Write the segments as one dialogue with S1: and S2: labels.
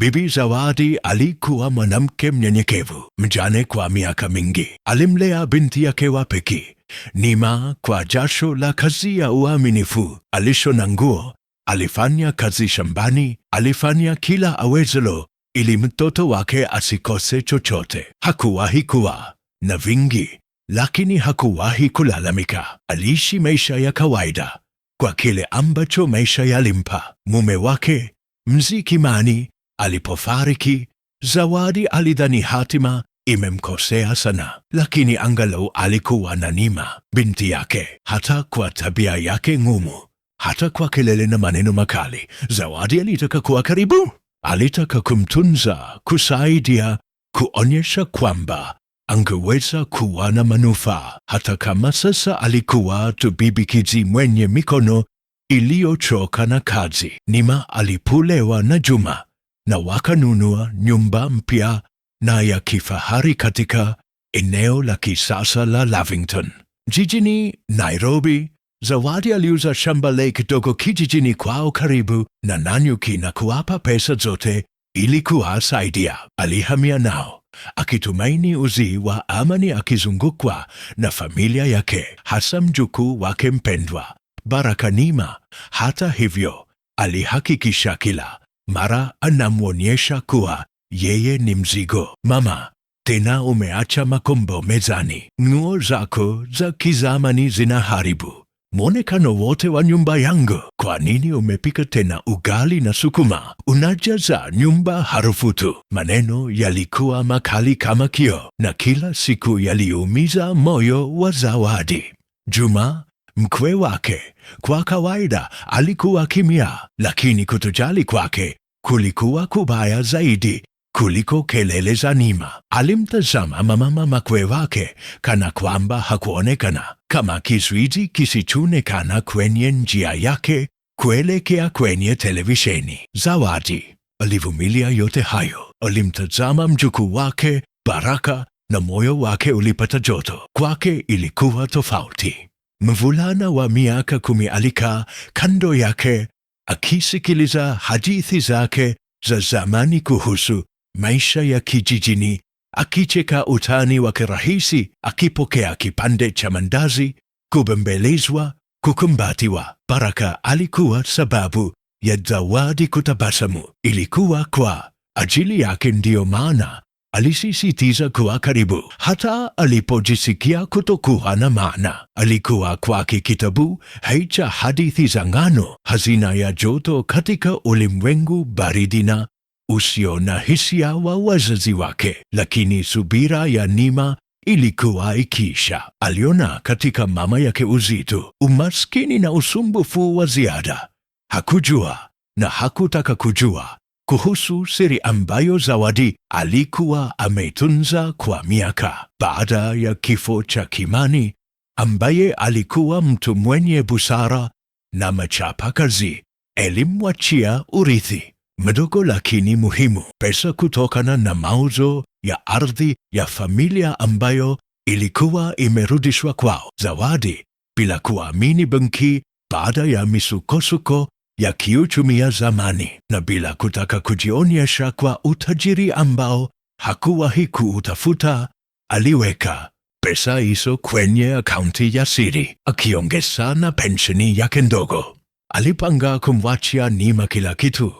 S1: Bibi Zawadi alikuwa mwanamke mnyenyekevu, mjane kwa miaka mingi. Alimlea binti yake wa pekee Nima kwa jasho la kazi ya uaminifu. Alishona nguo, alifanya kazi shambani, alifanya kila awezalo ili mtoto wake asikose chochote. Hakuwahi kuwa na vingi, lakini hakuwahi kulalamika. Aliishi maisha ya kawaida kwa kile ambacho maisha yalimpa: mume wake, mziki, mani Alipofariki, Zawadi alidhani hatima imemkosea sana, lakini angalau alikuwa na Nima binti yake. Hata kwa tabia yake ngumu, hata kwa kelele na maneno makali, Zawadi alitaka kuwa karibu, alitaka kumtunza, kusaidia, kuonyesha kwamba angeweza kuwa na manufaa, hata kama sasa alikuwa tubibikizi mwenye mikono iliyochoka na kazi. Nima alipulewa na Juma na wakanunua nyumba mpya na ya kifahari katika eneo la kisasa la Lavington. Jijini Nairobi, Zawadi aliuza shamba lake dogo kijijini kwao karibu na Nanyuki na kuwapa pesa zote ili kuwasaidia. Alihamia nao akitumaini uzii wa amani, akizungukwa na familia yake, hasa mjukuu wake mpendwa Baraka Nima. Hata hivyo, alihakikisha kila mara anamwonyesha kuwa yeye ni mzigo. Mama, tena umeacha makombo mezani, nguo zako za kizamani zinaharibu mwonekano wote wa nyumba yangu. Kwa nini umepika tena ugali na sukuma? Unajaza nyumba harufu tu. Maneno yalikuwa makali kama kio, na kila siku yaliumiza moyo wa Zawadi. Juma Mkwe wake kwa kawaida alikuwa kimya, lakini kutojali kwake kulikuwa kubaya zaidi kuliko kelele za Nima. Alimtazama mama makwe wake kana kwamba hakuonekana, kama kizuizi kisichoonekana kwenye njia yake kuelekea kwenye televisheni. Zawadi alivumilia yote hayo, alimtazama mjukuu wake Baraka na moyo wake ulipata joto. Kwake ilikuwa tofauti. Mvulana wa miaka kumi alikaa kando yake akisikiliza hadithi zake za zamani kuhusu maisha ya kijijini, akicheka utani wa kirahisi akipokea kipande cha mandazi, kubembelezwa, kukumbatiwa. Baraka alikuwa sababu ya zawadi kutabasamu, ilikuwa kwa ajili yake, ndiyo maana Alisisitiza kuwa karibu hata alipojisikia kutokuwa na maana. Alikuwa kwake kitabu hai cha hadithi za ngano, hazina ya joto katika ulimwengu baridi na usio na hisia wa wazazi wake. Lakini subira ya Nima ilikuwa ikiisha. Aliona katika mama yake uzito, umaskini na usumbufu wa ziada. Hakujua na hakutaka kujua kuhusu siri ambayo Zawadi alikuwa ameitunza kwa miaka. Baada ya kifo cha Kimani, ambaye alikuwa mtu mwenye busara na machapa kazi, elimwachia urithi mdogo lakini muhimu, pesa kutokana na mauzo ya ardhi ya familia ambayo ilikuwa imerudishwa kwao. Zawadi bila kuamini benki, baada ya misukosuko ya kiuchumi ya zamani na bila kutaka kujionyesha kwa utajiri ambao hakuwahi kuutafuta, aliweka pesa hizo kwenye akaunti ya siri, akiongeza na pensheni yake ndogo. Alipanga kumwachia Nima kila kitu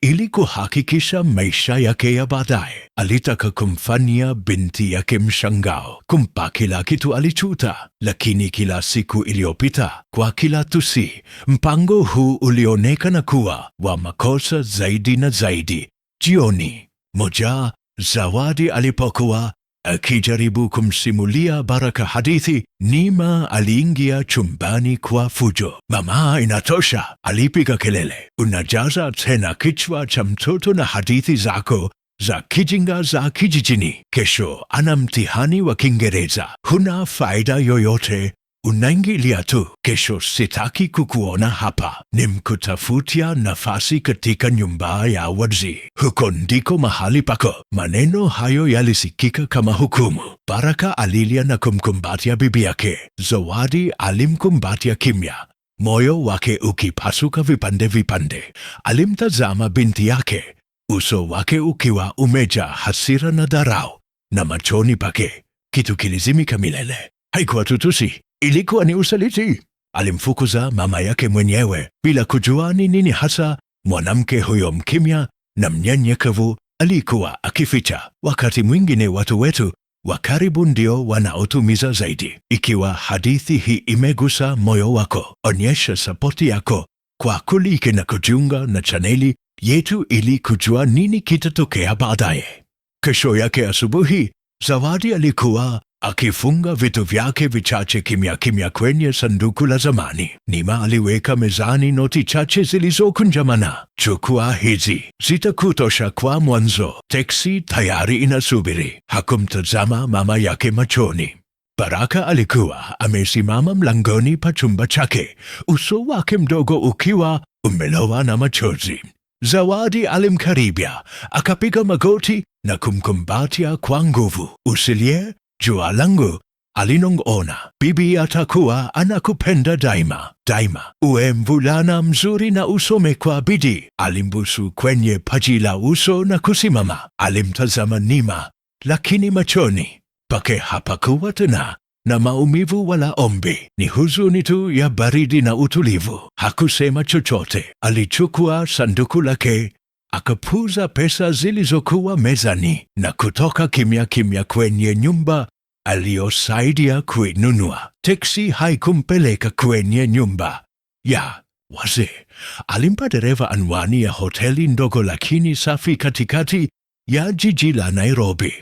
S1: ili kuhakikisha maisha yake ya baadaye, alitaka kumfanya binti yake mshangao, kumpa kila kitu alichuta. Lakini kila siku iliyopita, kwa kila tusi, mpango huu ulionekana kuwa wa makosa zaidi na zaidi. Jioni moja, Zawadi alipokuwa Akijaribu kumsimulia Baraka hadithi, Nima aliingia chumbani kwa fujo. Mama, inatosha! Alipiga kelele. Unajaza tena kichwa cha mtoto na hadithi zako za kijinga za kijijini. Kesho ana mtihani wa Kiingereza, huna faida yoyote Unaingilia tu. Kesho sitaki kukuona hapa, nimkutafutia nafasi katika nyumba ya wadzi Huko ndiko mahali pako. Maneno hayo yalisikika kama hukumu. Baraka alilia na kumkumbatia bibi yake. Zawadi alimkumbatia kimya, moyo wake ukipasuka vipande vipande. Alimtazama binti yake, uso wake ukiwa umeja hasira na dharau, na machoni pake kitu kilizimika milele. Haikuwa tutusi Ilikuwa ni usaliti. Alimfukuza mama yake mwenyewe bila kujua ni nini hasa mwanamke huyo mkimya na mnyenyekevu alikuwa akificha. Wakati mwingine watu wetu wa karibu ndio wanaotumiza zaidi. Ikiwa hadithi hii imegusa moyo wako, onyesha sapoti yako kwa kulike na kujiunga na chaneli yetu ili kujua nini kitatokea baadaye. Kesho yake asubuhi, Zawadi alikuwa akifunga vitu vyake vichache kimya kimya kwenye sanduku la zamani. Nima aliweka mezani noti chache zilizokunjamana. Chukua hizi, zitakutosha kwa mwanzo. Teksi tayari inasubiri. Hakumtazama mama yake machoni. Baraka alikuwa amesimama mlangoni pa chumba chake, uso wake mdogo ukiwa umelowa na machozi. Zawadi alimkaribia, akapiga magoti na kumkumbatia kwa nguvu. Usilie, jua langu alinong'ona, bibi atakuwa anakupenda daima daima. Uwe mvulana mzuri na usome kwa bidii. Alimbusu kwenye paji la uso na kusimama. Alimtazama Nima, lakini machoni pake hapakuwa tena na maumivu wala ombi, ni huzuni tu ya baridi na utulivu. Hakusema chochote. Alichukua sanduku lake akapuza pesa zilizokuwa mezani na kutoka kimya kimya kwenye nyumba aliyosaidia kuinunua. Teksi haikumpeleka kwenye nyumba ya waze Alimpa dereva anwani ya hoteli ndogo lakini safi katikati ya jiji la Nairobi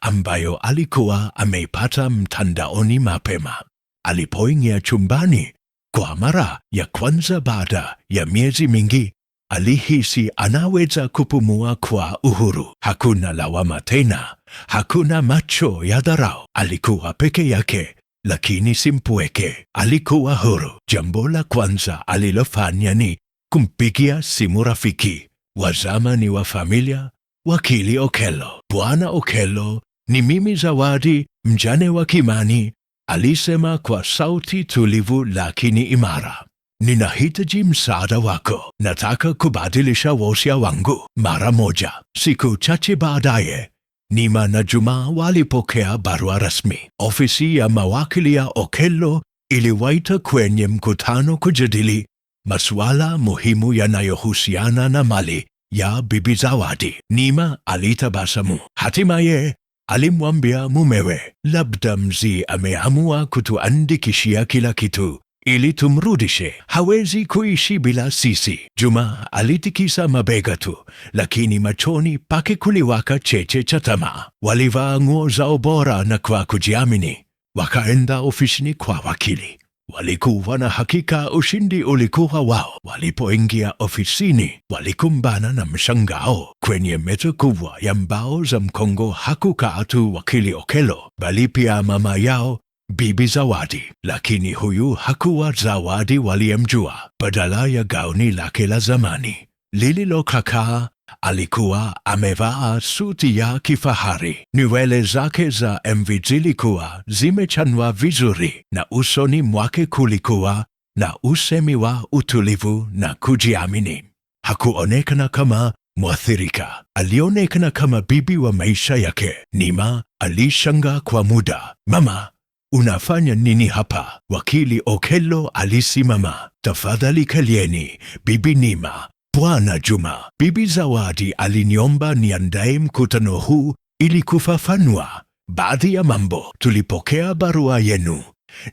S1: ambayo alikuwa ameipata mtandaoni mapema. Alipoingia chumbani kwa mara ya kwanza baada ya miezi mingi, alihisi anaweza kupumua kwa uhuru. Hakuna lawama tena. Hakuna macho ya dharau. Alikuwa peke yake, lakini si mpweke. Alikuwa huru. Jambo la kwanza alilofanya ni kumpigia simu rafiki wa zamani wa familia, wakili Okello. Bwana Okello, ni mimi Zawadi, mjane wa Kimani, alisema kwa sauti tulivu lakini imara. Ninahitaji msaada wako. Nataka kubadilisha wosia wangu mara moja. Siku chache baadaye Nima na Juma walipokea barua rasmi. Ofisi ya mawakili ya Okello iliwaita kwenye mkutano kujadili masuala muhimu yanayohusiana na mali ya Bibi Zawadi. Nima alitabasamu. Hatimaye alimwambia mumewe, labda mzee ameamua kutuandikishia kila kitu ili tumrudishe. Hawezi kuishi bila sisi. Juma alitikisa mabega tu, lakini machoni pake kuliwaka cheche cha tamaa. Walivaa nguo zao bora na kwa kujiamini wakaenda ofisini kwa wakili. Walikuwa na hakika ushindi ulikuwa wao. Walipoingia ofisini, walikumbana na mshangao. Kwenye meza kubwa ya mbao za mkongo hakukaa tu wakili okelo bali pia mama yao Bibi Zawadi, lakini huyu hakuwa Zawadi waliyemjua. Badala ya gauni lake la zamani lililochakaa, alikuwa amevaa suti ya kifahari. Nywele zake za mvi zilikuwa zimechanwa vizuri, na usoni mwake kulikuwa na usemi wa utulivu na kujiamini. Hakuonekana kama mwathirika, alionekana kama bibi wa maisha yake. Nima alishanga kwa muda. Mama Unafanya nini hapa? Wakili Okello alisimama. Tafadhali kalieni, Bibi Nima, Bwana Juma. Bibi Zawadi aliniomba niandae mkutano huu ili kufafanua baadhi ya mambo. Tulipokea barua yenu,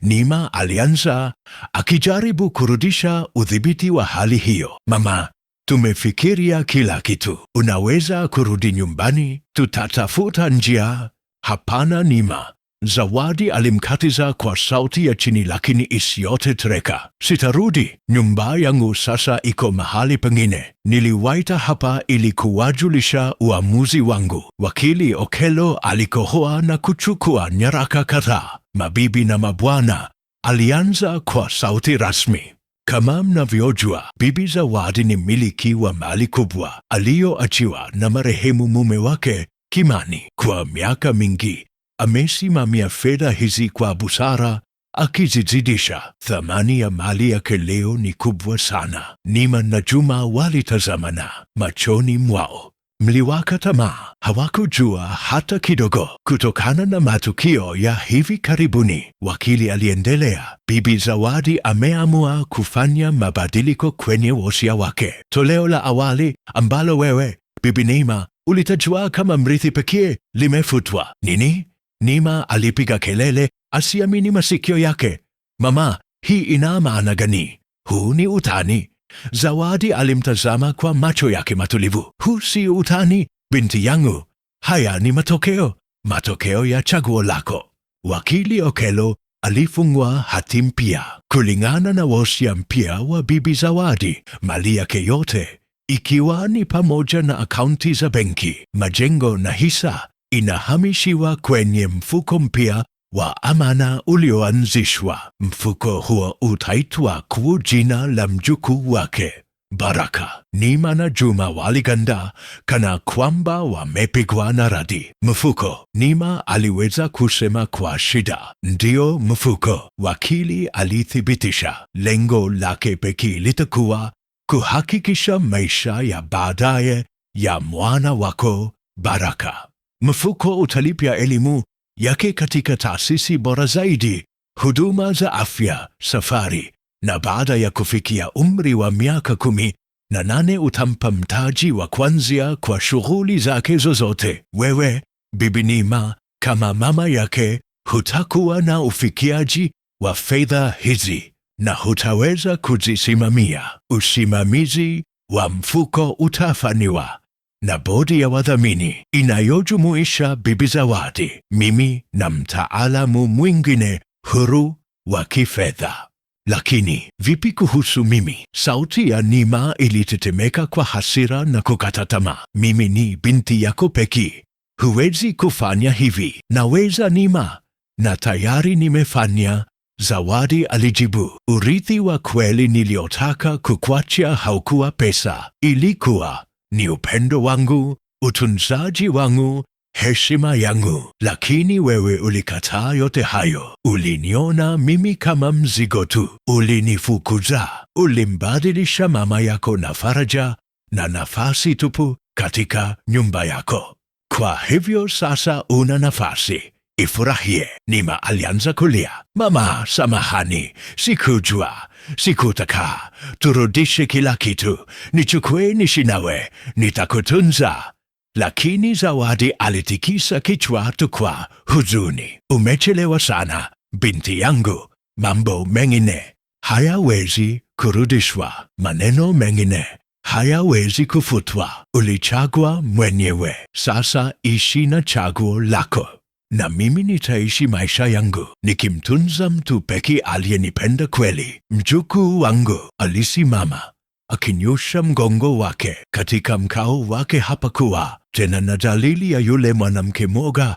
S1: Nima alianza akijaribu kurudisha udhibiti wa hali hiyo. Mama, tumefikiria kila kitu, unaweza kurudi nyumbani, tutatafuta njia. Hapana Nima, Zawadi alimkatiza kwa sauti ya chini lakini isiyotetereka. Sitarudi, nyumba yangu sasa iko mahali pengine. Niliwaita hapa ili kuwajulisha uamuzi wangu. Wakili Okello alikohoa na kuchukua nyaraka kadhaa. Mabibi na mabwana, alianza kwa sauti rasmi. Kama mnavyojua, Bibi Zawadi ni mmiliki wa mali kubwa aliyoachiwa na marehemu mume wake Kimani kwa miaka mingi amesimamia fedha hizi kwa busara, akizizidisha. Thamani ya mali yake leo ni kubwa sana. Nima na Juma walitazamana machoni mwao, mliwaka tamaa, hawakujua hata kidogo. Kutokana na matukio ya hivi karibuni, wakili aliendelea, Bibi Zawadi ameamua kufanya mabadiliko kwenye wosia wake. Toleo la awali ambalo wewe Bibi Neema ulitajua kama mrithi pekee limefutwa. Nini? Nima alipiga kelele asiamini masikio yake. Mama, hii ina maana gani? Huu ni utani. Zawadi alimtazama kwa macho yake matulivu. Huu si utani, binti yangu. Haya ni matokeo, matokeo ya chaguo lako. Wakili Okelo alifungwa hati mpya kulingana na wosia mpya wa Bibi Zawadi, mali yake yote ikiwa ni pamoja na akaunti za benki, majengo na hisa inahamishiwa kwenye mfuko mpya wa Amana ulioanzishwa. Mfuko huo utaitwa kwa jina la mjukuu wake Baraka. Nima na Juma waliganda kana kwamba wamepigwa na radi. Mfuko. Nima aliweza kusema kwa shida, ndio mfuko. Wakili alithibitisha. Lengo lake pekee litakuwa kuhakikisha maisha ya baadaye ya mwana wako Baraka. Mfuko utalipia elimu yake katika taasisi bora zaidi, huduma za afya, safari, na baada ya kufikia umri wa miaka kumi na nane utampa mtaji wa kwanzia kwa shughuli zake zozote. Wewe Bibi Nima, kama mama yake, hutakuwa na ufikiaji wa fedha hizi na hutaweza kuzisimamia. Usimamizi wa mfuko utafanywa na bodi ya wadhamini inayojumuisha Bibi Zawadi, mimi na mtaalamu mwingine huru wa kifedha. Lakini vipi kuhusu mimi? Sauti ya Nima ilitetemeka kwa hasira na kukata tamaa. Mimi ni binti yako pekee, huwezi kufanya hivi. Naweza Nima, na tayari nimefanya, Zawadi alijibu. Urithi wa kweli niliotaka kukwacha haukuwa pesa, ilikuwa ni upendo wangu, utunzaji wangu, heshima yangu. Lakini wewe ulikataa yote hayo, uliniona mimi kama mzigo tu, ulinifukuza, ulimbadilisha mama yako na faraja na nafasi tupu katika nyumba yako. Kwa hivyo sasa una nafasi, ifurahie. Nima alianza kulia. Mama, samahani, sikujua sikutaka, turudishe kila kitu, nichukue nishinawe, nitakutunza. Lakini Zawadi alitikisa kichwa tu kwa huzuni. Umechelewa sana binti yangu, mambo mengine hayawezi kurudishwa, maneno mengine hayawezi kufutwa. Ulichagua mwenyewe, sasa ishi na chaguo lako na mimi nitaishi maisha yangu nikimtunza mtu pekee aliyenipenda kweli. Mjukuu wangu alisimama akinyosha mgongo wake katika mkao wake. Hapakuwa tena na dalili ya yule mwanamke mwoga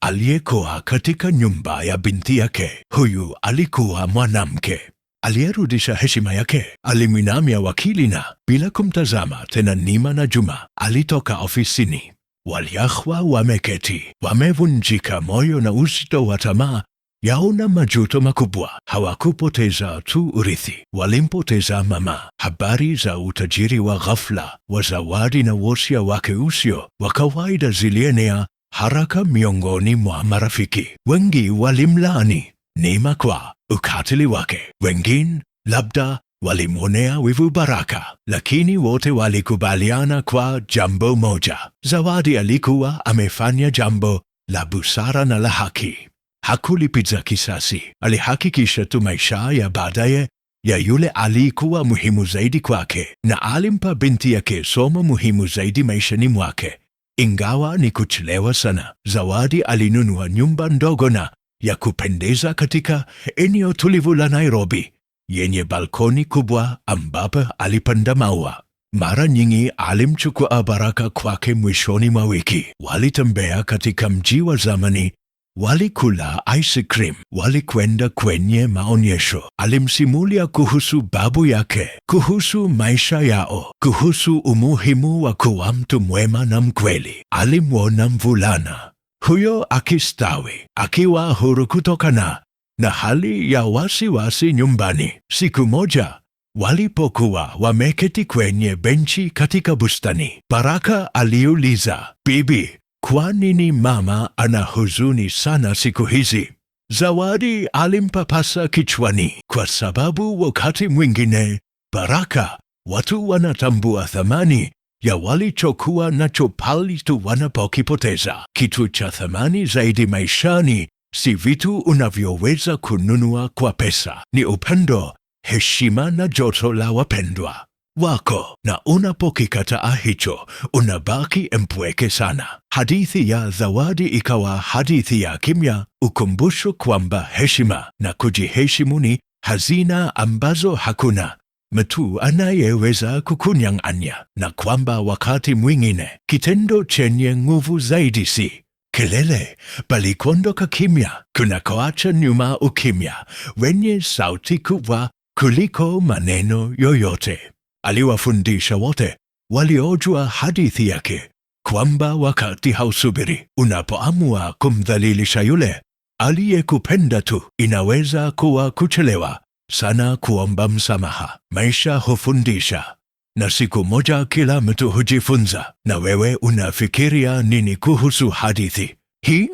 S1: aliyekuwa katika nyumba ya binti yake. Huyu alikuwa mwanamke aliyerudisha heshima yake. Alimwinamia wakili na bila kumtazama tena Nima na Juma alitoka ofisini. Waliahwa wameketi wamevunjika moyo na uzito wa tamaa, yaona majuto makubwa. Hawakupoteza tu urithi, walimpoteza mama. Habari za utajiri wa ghafla wa Zawadi na wosia wake usio wa kawaida zilienea haraka miongoni mwa marafiki. Wengi walimlaani Neema kwa ukatili wake, wengine labda Walimwonea wivu Baraka, lakini wote walikubaliana kwa jambo moja: Zawadi alikuwa amefanya jambo la busara na la haki. Hakulipiza kisasi, alihakikisha tu maisha ya baadaye ya yule alikuwa muhimu zaidi kwake, na alimpa binti yake somo muhimu zaidi maishani mwake. Ingawa ni kuchelewa sana, Zawadi alinunua nyumba ndogo na ya kupendeza katika eneo tulivu la Nairobi yenye balkoni kubwa ambapo alipanda maua. Mara nyingi alimchukua Baraka kwake mwishoni mwa wiki. Walitembea katika mji wa zamani, walikula ice cream, walikwenda kwenye maonyesho. Alimsimulia kuhusu babu yake, kuhusu maisha yao, kuhusu umuhimu wa kuwa mtu mwema na mkweli. Alimwona mvulana huyo akistawi, akiwa huru kutokana na hali ya wasiwasi wasi nyumbani. Siku moja walipokuwa wameketi kwenye benchi katika bustani, Baraka aliuliza, Bibi, kwa nini mama ana huzuni sana siku hizi? Zawadi alimpapasa kichwani, kwa sababu wakati mwingine, Baraka, watu wanatambua thamani ya walichokuwa nacho pali tu wanapokipoteza. Kitu cha thamani zaidi maishani si vitu unavyoweza kununua kwa pesa. Ni upendo, heshima na joto la wapendwa wako, na unapokikataa hicho unabaki mpweke sana. Hadithi ya zawadi ikawa hadithi ya kimya, ukumbusho kwamba heshima na kujiheshimu ni hazina ambazo hakuna mtu anayeweza kukunyang'anya, na kwamba wakati mwingine kitendo chenye nguvu zaidi si Kelele palikondoka kimya, kunakoacha nyuma ukimya wenye sauti kubwa kuliko maneno yoyote. Aliwafundisha wote waliojua hadithi yake kwamba wakati hausubiri. Unapoamua kumdhalilisha yule aliyekupenda tu, inaweza kuwa kuchelewa sana kuomba msamaha. Maisha hufundisha na siku moja kila mtu hujifunza. Na wewe unafikiria nini kuhusu hadithi hii?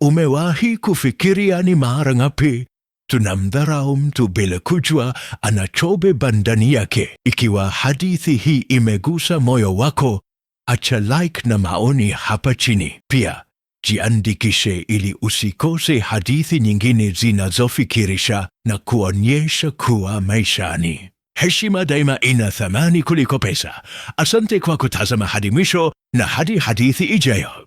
S1: Umewahi kufikiria ni mara ngapi tunamdharau mtu bila kujua anachobeba ndani yake? Ikiwa hadithi hii imegusa moyo wako, acha like na maoni hapa chini. Pia jiandikishe ili usikose hadithi nyingine zinazofikirisha na kuonyesha kuwa maishani Heshima daima ina thamani kuliko pesa. Asante kwa kutazama hadi mwisho na hadi hadithi ijayo.